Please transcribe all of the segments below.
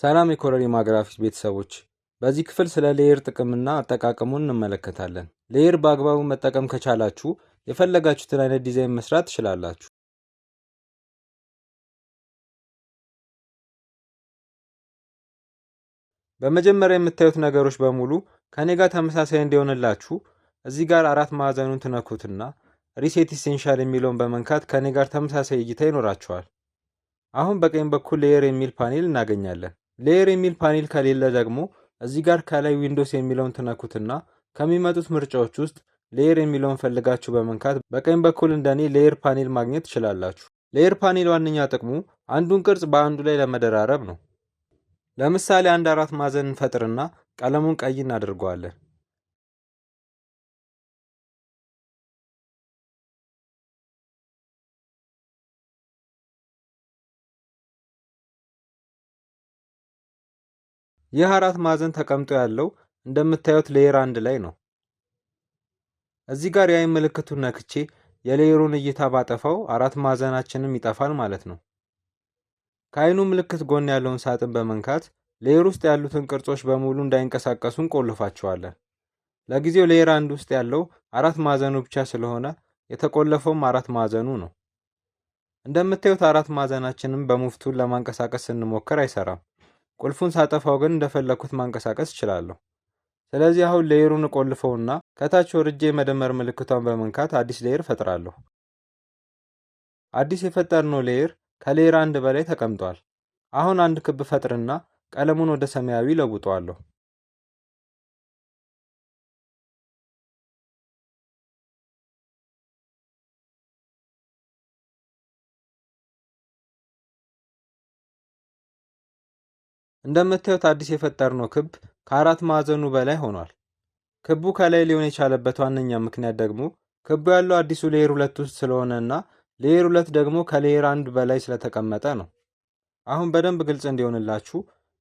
ሰላም የኮረሪማ ግራፊክስ ቤተሰቦች፣ በዚህ ክፍል ስለ ሌየር ጥቅምና አጠቃቀሙን እንመለከታለን። ሌየር በአግባቡ መጠቀም ከቻላችሁ የፈለጋችሁትን አይነት ዲዛይን መስራት ትችላላችሁ። በመጀመሪያ የምታዩት ነገሮች በሙሉ ከኔ ጋር ተመሳሳይ እንዲሆንላችሁ እዚህ ጋር አራት ማዕዘኑን ትነኩትና ሪሴት ኢሴንሻል የሚለውን በመንካት ከኔ ጋር ተመሳሳይ እይታ ይኖራቸዋል አሁን በቀኝ በኩል ሌየር የሚል ፓኔል እናገኛለን። ሌየር የሚል ፓኔል ከሌለ ደግሞ እዚህ ጋር ከላይ ዊንዶስ የሚለውን ትነኩትና ከሚመጡት ምርጫዎች ውስጥ ሌየር የሚለውን ፈልጋችሁ በመንካት በቀኝ በኩል እንደኔ ሌየር ፓኔል ማግኘት ትችላላችሁ። ሌየር ፓኔል ዋነኛ ጥቅሙ አንዱን ቅርጽ በአንዱ ላይ ለመደራረብ ነው። ለምሳሌ አንድ አራት ማዕዘን እንፈጥርና ቀለሙን ቀይ እናደርገዋለን። ይህ አራት ማዕዘን ተቀምጦ ያለው እንደምታዩት ሌየር አንድ ላይ ነው። እዚህ ጋር የአይን ምልክቱን ነክቼ የሌየሩን እይታ ባጠፋው አራት ማዕዘናችንም ይጠፋል ማለት ነው። ከአይኑ ምልክት ጎን ያለውን ሳጥን በመንካት ሌየር ውስጥ ያሉትን ቅርጾች በሙሉ እንዳይንቀሳቀሱ እንቆልፋቸዋለን። ለጊዜው ሌየር አንድ ውስጥ ያለው አራት ማዕዘኑ ብቻ ስለሆነ የተቆለፈውም አራት ማዕዘኑ ነው። እንደምታዩት አራት ማዕዘናችንም በሙፍቱን ለማንቀሳቀስ ስንሞክር አይሰራም። ቁልፉን ሳጠፋው ግን እንደፈለግኩት ማንቀሳቀስ እችላለሁ። ስለዚህ አሁን ሌየሩን እቆልፈውና ከታች ወርጄ የመደመር ምልክቷን በመንካት አዲስ ሌየር ፈጥራለሁ። አዲስ የፈጠርነው ሌየር ከሌየር አንድ በላይ ተቀምጧል። አሁን አንድ ክብ ፈጥርና ቀለሙን ወደ ሰማያዊ ለውጠዋለሁ። እንደምታዩት አዲስ የፈጠርነው ክብ ከአራት ማዕዘኑ በላይ ሆኗል። ክቡ ከላይ ሊሆን የቻለበት ዋነኛ ምክንያት ደግሞ ክቡ ያለው አዲሱ ሌየር ሁለት ውስጥ ስለሆነ እና ሌየር ሁለት ደግሞ ከሌየር አንድ በላይ ስለተቀመጠ ነው። አሁን በደንብ ግልጽ እንዲሆንላችሁ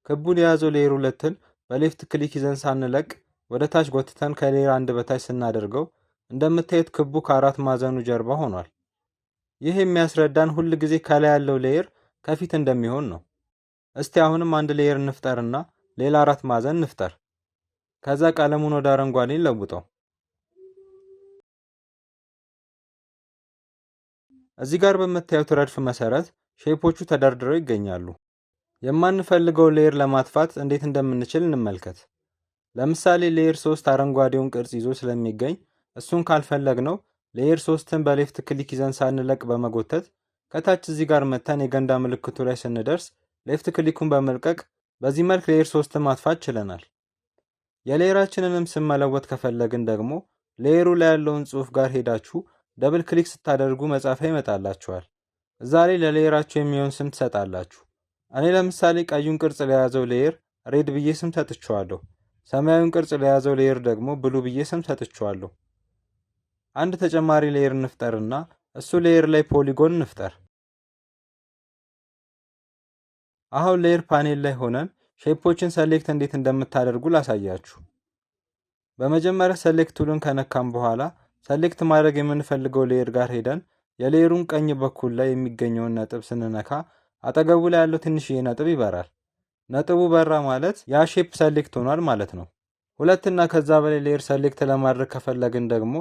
ክቡን የያዘው ሌየር ሁለትን በሌፍት ክሊክ ይዘን ሳንለቅ ወደ ታች ጎትተን ከሌየር አንድ በታች ስናደርገው እንደምታዩት ክቡ ከአራት ማዕዘኑ ጀርባ ሆኗል። ይህ የሚያስረዳን ሁል ጊዜ ከላይ ያለው ሌየር ከፊት እንደሚሆን ነው። እስቲ አሁንም አንድ ሌየር እንፍጠርና ሌላ አራት ማዕዘን እንፍጠር። ከዛ ቀለሙን ወደ አረንጓዴ እንለውጠው። እዚህ ጋር በምታዩት ረድፍ መሰረት ሼፖቹ ተደርድረው ይገኛሉ። የማንፈልገው ሌየር ለማጥፋት እንዴት እንደምንችል እንመልከት። ለምሳሌ ሌየር 3 አረንጓዴውን ቅርጽ ይዞ ስለሚገኝ እሱን ካልፈለግነው ሌየር 3ን በሌፍት ክሊክ ይዘን ሳንለቅ በመጎተት ከታች እዚህ ጋር መተን የገንዳ ምልክቱ ላይ ስንደርስ ሌፍት ክሊኩን በመልቀቅ በዚህ መልክ ሌየር 3 ማጥፋት ችለናል። የሌየራችንንም ስም መለወጥ ከፈለግን ደግሞ ሌየሩ ላይ ያለውን ጽሑፍ ጋር ሄዳችሁ ደብል ክሊክ ስታደርጉ መጻፊያ ይመጣላችኋል። እዛ ላይ ለሌየራችሁ የሚሆን ስም ትሰጣላችሁ። እኔ ለምሳሌ ቀዩን ቅርጽ ለያዘው ሌየር ሬድ ብዬ ስም ሰጥቼዋለሁ። ሰማያዊን ቅርጽ ለያዘው ሌየር ደግሞ ብሉ ብዬ ስም ሰጥቼዋለሁ። አንድ ተጨማሪ ሌየር እንፍጠርና እሱ ሌየር ላይ ፖሊጎን እንፍጠር። አሁን ሌየር ፓኔል ላይ ሆነን ሼፖችን ሰሌክት እንዴት እንደምታደርጉ ላሳያችሁ። በመጀመሪያ ሰሌክት ቱልን ከነካም በኋላ ሰሌክት ማድረግ የምንፈልገው ሌየር ጋር ሄደን የሌየሩን ቀኝ በኩል ላይ የሚገኘውን ነጥብ ስንነካ አጠገቡ ላይ ያለው ትንሽዬ ነጥብ ይበራል። ነጥቡ በራ ማለት ያ ሼፕ ሰሌክት ሆኗል ማለት ነው። ሁለትና ከዛ በላይ ሌየር ሰሌክት ለማድረግ ከፈለግን ደግሞ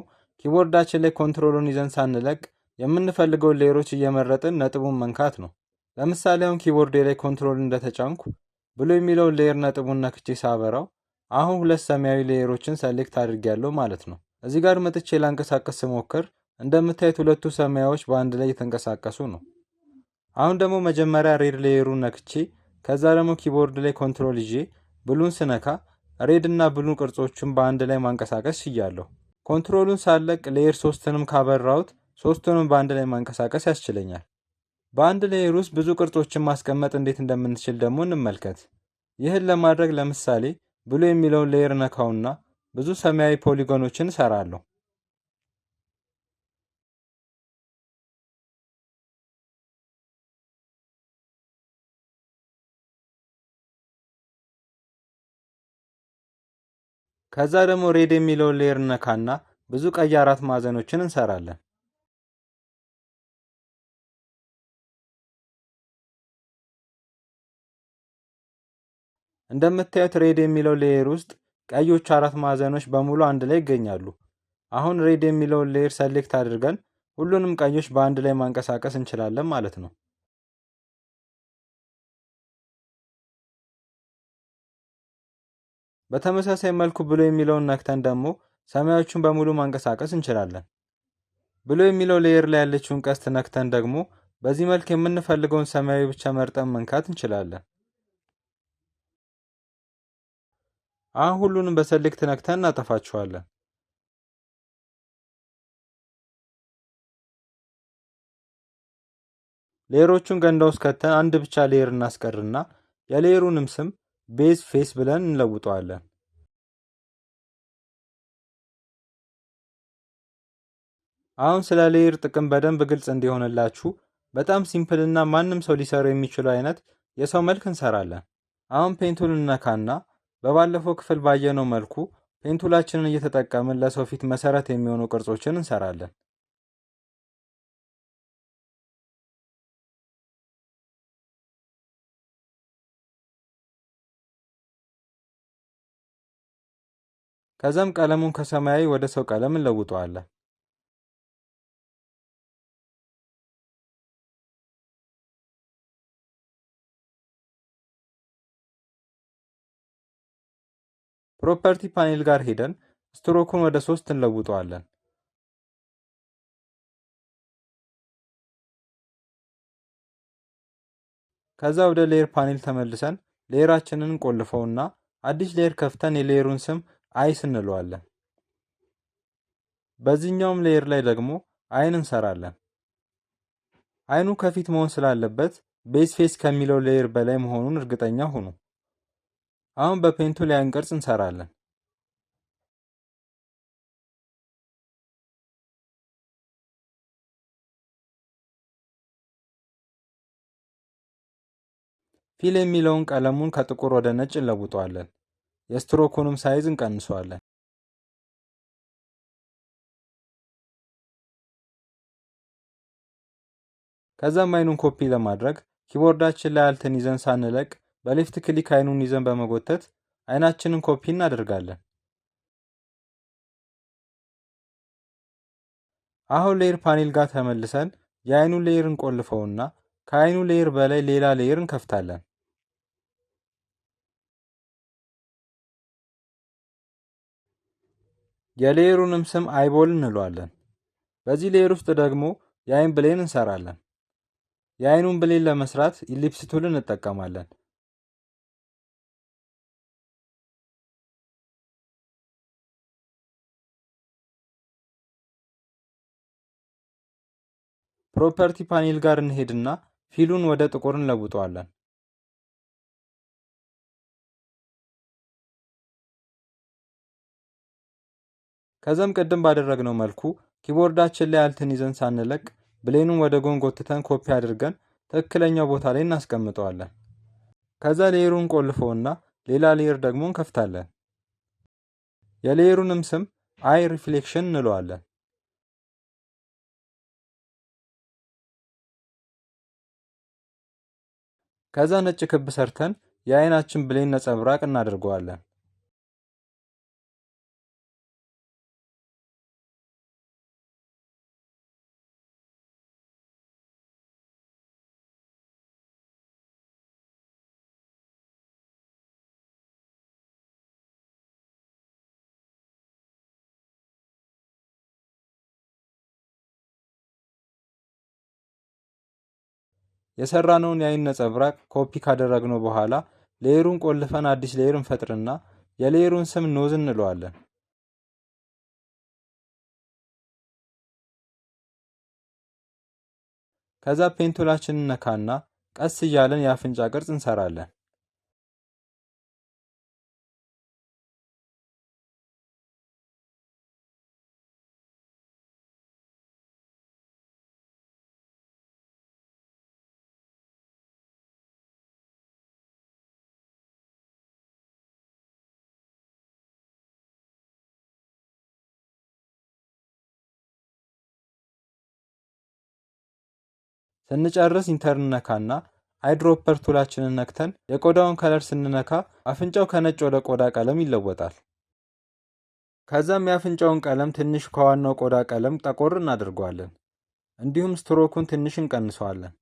ኪቦርዳችን ላይ ኮንትሮሉን ይዘን ሳንለቅ የምንፈልገውን ሌየሮች እየመረጥን ነጥቡን መንካት ነው። ለምሳሌ አሁን ኪቦርዴ ላይ ኮንትሮል እንደተጫንኩ ብሎ የሚለውን ሌየር ነጥቡን ነክቼ ሳበራው አሁን ሁለት ሰማያዊ ሌየሮችን ሰሌክት አድርጌያለሁ ማለት ነው። እዚህ ጋር መጥቼ ላንቀሳቀስ ስሞክር እንደምታዩት ሁለቱ ሰማያዎች በአንድ ላይ የተንቀሳቀሱ ነው። አሁን ደግሞ መጀመሪያ ሬድ ሌየሩን ነክቼ ከዛ ደግሞ ኪቦርድ ላይ ኮንትሮል ይዤ ብሉን ስነካ ሬድ እና ብሉን ቅርጾቹን በአንድ ላይ ማንቀሳቀስ ችያለሁ። ኮንትሮሉን ሳለቅ ሌየር ሶስትንም ካበራሁት ሶስቱንም በአንድ ላይ ማንቀሳቀስ ያስችለኛል። በአንድ ሌየር ውስጥ ብዙ ቅርጾችን ማስቀመጥ እንዴት እንደምንችል ደግሞ እንመልከት። ይህን ለማድረግ ለምሳሌ ብሎ የሚለውን ሌየር ነካውና ብዙ ሰማያዊ ፖሊጎኖችን እሰራለሁ። ከዛ ደግሞ ሬድ የሚለውን ሌየር ነካና ብዙ ቀይ አራት ማዕዘኖችን እንሰራለን። እንደምታዩት ሬድ የሚለው ሌየር ውስጥ ቀዮቹ አራት ማዕዘኖች በሙሉ አንድ ላይ ይገኛሉ። አሁን ሬድ የሚለውን ሌየር ሰሌክት አድርገን ሁሉንም ቀዮች በአንድ ላይ ማንቀሳቀስ እንችላለን ማለት ነው። በተመሳሳይ መልኩ ብሎ የሚለውን ነክተን ደግሞ ሰማያዎቹን በሙሉ ማንቀሳቀስ እንችላለን። ብሎ የሚለው ሌየር ላይ ያለችውን ቀስት ነክተን ደግሞ በዚህ መልክ የምንፈልገውን ሰማያዊ ብቻ መርጠን መንካት እንችላለን። አሁን ሁሉንም በሰልክ ነክተን እናጠፋቸዋለን። ሌየሮቹን ገንዳ ውስጥ ከተን አንድ ብቻ ሌየር እናስቀርና የሌየሩንም ስም ቤዝ ፌስ ብለን እንለውጠዋለን። አሁን ስለ ሌየር ጥቅም በደንብ ግልጽ እንዲሆንላችሁ በጣም ሲምፕልና ማንም ሰው ሊሰሩ የሚችሉ አይነት የሰው መልክ እንሰራለን። አሁን ፔንቱን እነካና በባለፈው ክፍል ባየነው መልኩ ፔንቱላችንን እየተጠቀምን ለሰው ፊት መሰረት የሚሆኑ ቅርጾችን እንሰራለን። ከዛም ቀለሙን ከሰማያዊ ወደ ሰው ቀለም እንለውጠዋለን። ፕሮፐርቲ ፓኔል ጋር ሄደን ስትሮኩን ወደ ሶስት እንለውጠዋለን። ከዛ ወደ ሌየር ፓኔል ተመልሰን ሌየራችንን እና አዲስ ሌየር ከፍተን የሌየሩን ስም አይስ እንለዋለን። በዚህኛውም ሌየር ላይ ደግሞ አይን እንሰራለን። አይኑ ከፊት መሆን ስላለበት ቤዝ ፌስ ከሚለው ሌየር በላይ መሆኑን እርግጠኛ ሁኑ። አሁን ላይ ቅርጽ እንሰራለን። ፊል የሚለውን ቀለሙን ከጥቁር ወደ ነጭ እንለውጠዋለን። የስትሮኩንም ሳይዝ እንቀንሰዋለን። ከዛም አይኑን ኮፒ ለማድረግ ኪቦርዳችን ላይ አልትን ይዘን ሳንለቅ በሌፍት ክሊክ አይኑን ይዘን በመጎተት አይናችንን ኮፒ እናደርጋለን። አሁን ሌየር ፓኔል ጋር ተመልሰን የአይኑ ሌየር እንቆልፈውና ከአይኑ ሌየር በላይ ሌላ ሌየር እንከፍታለን። የሌየሩንም ስም አይቦል እንለዋለን። በዚህ ሌየር ውስጥ ደግሞ የአይን ብሌን እንሰራለን። የአይኑን ብሌን ለመስራት ኢሊፕስ ቱል እንጠቀማለን። ፕሮፐርቲ ፓኔል ጋር እንሄድና ፊሉን ወደ ጥቁር እንለውጠዋለን። ከዛም ቅድም ባደረግነው መልኩ ኪቦርዳችን ላይ አልትን ይዘን ሳንለቅ ብሌኑን ወደ ጎን ጎትተን ኮፒ አድርገን ትክክለኛው ቦታ ላይ እናስቀምጠዋለን። ከዛ ሌየሩን ቆልፈውና ሌላ ሌየር ደግሞ እንከፍታለን። የሌየሩንም ስም አይ ሪፍሌክሽን እንለዋለን። ከዛ ነጭ ክብ ሰርተን የአይናችን ብሌን ነጸብራቅ እናደርገዋለን። የሰራነውን የአይን ነጸብራቅ ኮፒ ካደረግነው በኋላ ሌየሩን ቆልፈን አዲስ ሌየር እንፈጥርና የሌየሩን ስም ኖዝ እንለዋለን። ከዛ ፔንቶላችንን ነካና ቀስ እያለን የአፍንጫ ቅርጽ እንሰራለን። ስንጨርስ ኢንተርንነካና አይድሮፐር ቱላችንን ነክተን የቆዳውን ከለር ስንነካ አፍንጫው ከነጭ ወደ ቆዳ ቀለም ይለወጣል። ከዛም የአፍንጫውን ቀለም ትንሽ ከዋናው ቆዳ ቀለም ጠቆር እናደርገዋለን። እንዲሁም ስትሮኩን ትንሽ እንቀንሰዋለን።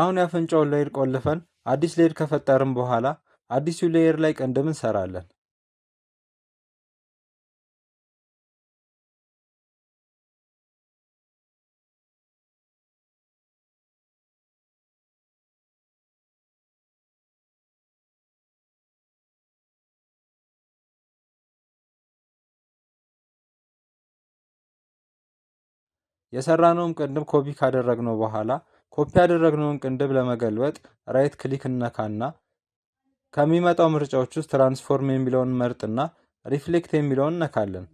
አሁን የአፍንጫውን ሌድ ቆልፈን አዲስ ሌድ ከፈጠርን በኋላ አዲሱ ሌየር ላይ ቀንድም እንሰራለን። የሰራነውን ቅንድብ ኮፒ ካደረግነው በኋላ ኮፒ ያደረግነውን ቅንድብ ለመገልበጥ ራይት ክሊክ እነካና ከሚመጣው ምርጫዎች ውስጥ ትራንስፎርም የሚለውን መርጥና ሪፍሌክት የሚለውን እነካለን።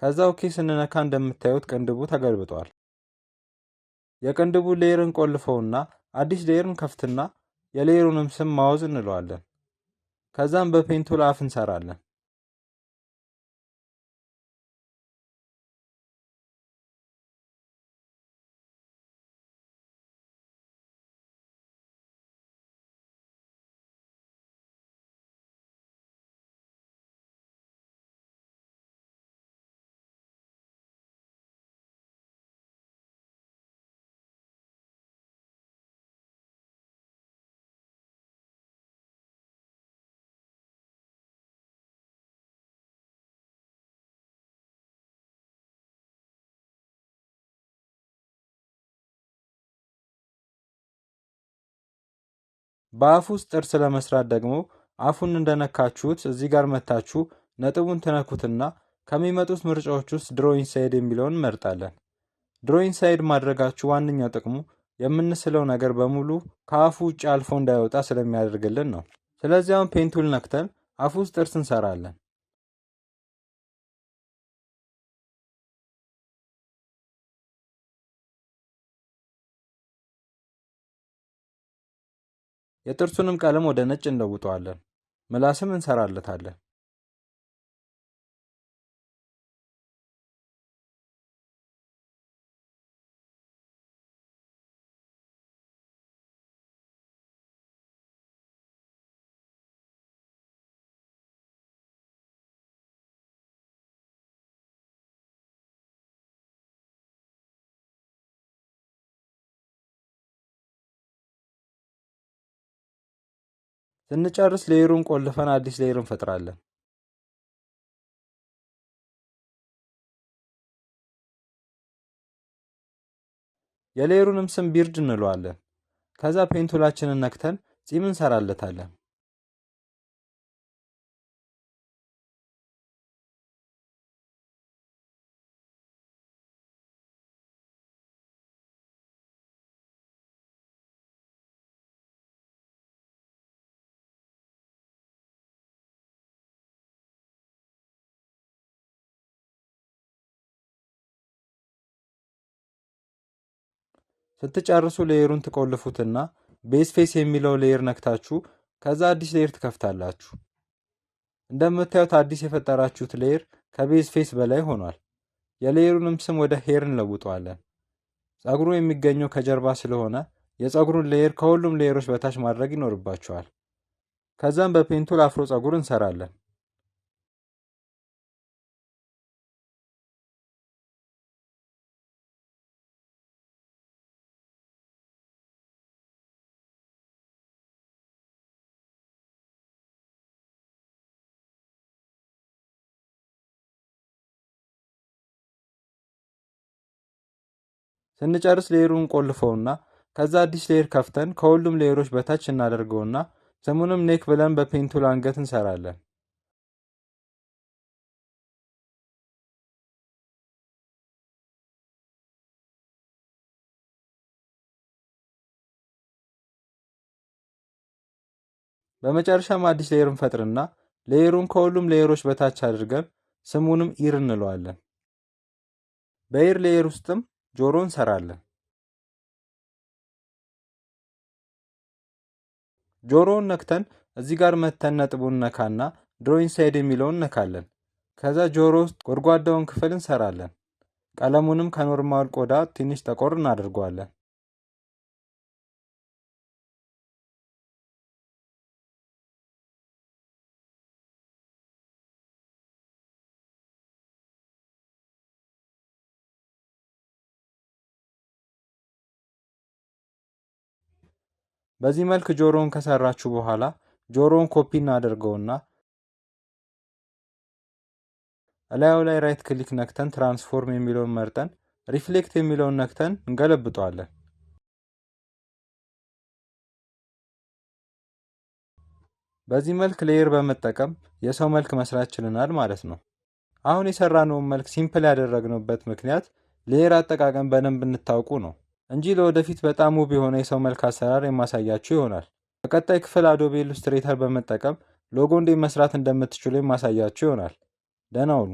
ከዛ ኦኬ ስንነካ እንደምታዩት ቅንድቡ ተገልብጧል። የቅንድቡ ሌየርን ቆልፈውና አዲስ ሌየርን ከፍትና የሌየሩንም ስም ማውዝ እንለዋለን። ከዛም በፔንቱል አፍ እንሰራለን። በአፍ ውስጥ ጥርስ ለመስራት ደግሞ አፉን እንደነካችሁት እዚህ ጋር መታችሁ ነጥቡን ትነኩትና ከሚመጡት ምርጫዎች ውስጥ ድሮ ኢንሳይድ የሚለውን እንመርጣለን። ድሮ ኢንሳይድ ማድረጋችሁ ዋነኛው ጥቅሙ የምንስለው ነገር በሙሉ ከአፉ ውጭ አልፎ እንዳይወጣ ስለሚያደርግልን ነው። ስለዚህ አሁን ፔንቱል ነክተን አፉ ውስጥ ጥርስ እንሰራለን። የጥርሱንም ቀለም ወደ ነጭ እንለውጠዋለን። ምላስም እንሰራለታለን ስንጨርስ ሌየሩን ቆልፈን አዲስ ሌየር እንፈጥራለን። የሌየሩንም ስም ቢርድ እንለዋለን። ከዛ ፔንቱላችንን ነክተን ጺም እንሰራለታለን። ስትጨርሱ ሌየሩን ትቆልፉትና ቤስ ፌስ የሚለው ሌየር ነክታችሁ ከዛ አዲስ ሌየር ትከፍታላችሁ። እንደምታዩት አዲስ የፈጠራችሁት ሌየር ከቤዝ ፌስ በላይ ሆኗል። የሌየሩንም ስም ወደ ሄር እንለውጠዋለን። ጸጉሩ የሚገኘው ከጀርባ ስለሆነ የጸጉሩን ሌየር ከሁሉም ሌየሮች በታች ማድረግ ይኖርባችኋል። ከዛም በፔንቱል አፍሮ ጸጉር እንሰራለን። ስንጨርስ ሌየሩን ቆልፈውና ከዛ አዲስ ሌየር ከፍተን ከሁሉም ሌየሮች በታች እናደርገውና ስሙንም ኔክ ብለን በፔንቱል አንገት እንሰራለን። በመጨረሻም አዲስ ሌየር እንፈጥርና ሌየሩን ከሁሉም ሌየሮች በታች አድርገን ስሙንም ኢር እንለዋለን። በኢር ሌየር ውስጥም ጆሮ እንሰራለን። ጆሮውን ነክተን እዚህ ጋር መተን ነጥቡን ነካና ድሮ ኢንሳይድ የሚለውን እነካለን። ከዛ ጆሮ ውስጥ ጎድጓዳውን ክፍል እንሰራለን። ቀለሙንም ከኖርማል ቆዳ ትንሽ ጠቆር እናደርገዋለን። በዚህ መልክ ጆሮውን ከሰራችሁ በኋላ ጆሮውን ኮፒ እናደርገውና እላዩ ላይ ራይት ክሊክ ነክተን ትራንስፎርም የሚለውን መርጠን ሪፍሌክት የሚለውን ነክተን እንገለብጠዋለን። በዚህ መልክ ሌየር በመጠቀም የሰው መልክ መስራት ችለናል ማለት ነው። አሁን የሰራነውን መልክ ሲምፕል ያደረግንበት ምክንያት ሌየር አጠቃቀም በደንብ እንታውቁ ነው። እንጂ ለወደፊት በጣም ውብ የሆነ የሰው መልክ አሰራር የማሳያችሁ ይሆናል። በቀጣይ ክፍል አዶቤ ኢሉስትሬተር በመጠቀም ሎጎ እንዴት መስራት እንደምትችሉ የማሳያችሁ ይሆናል። ደህና ሁኑ።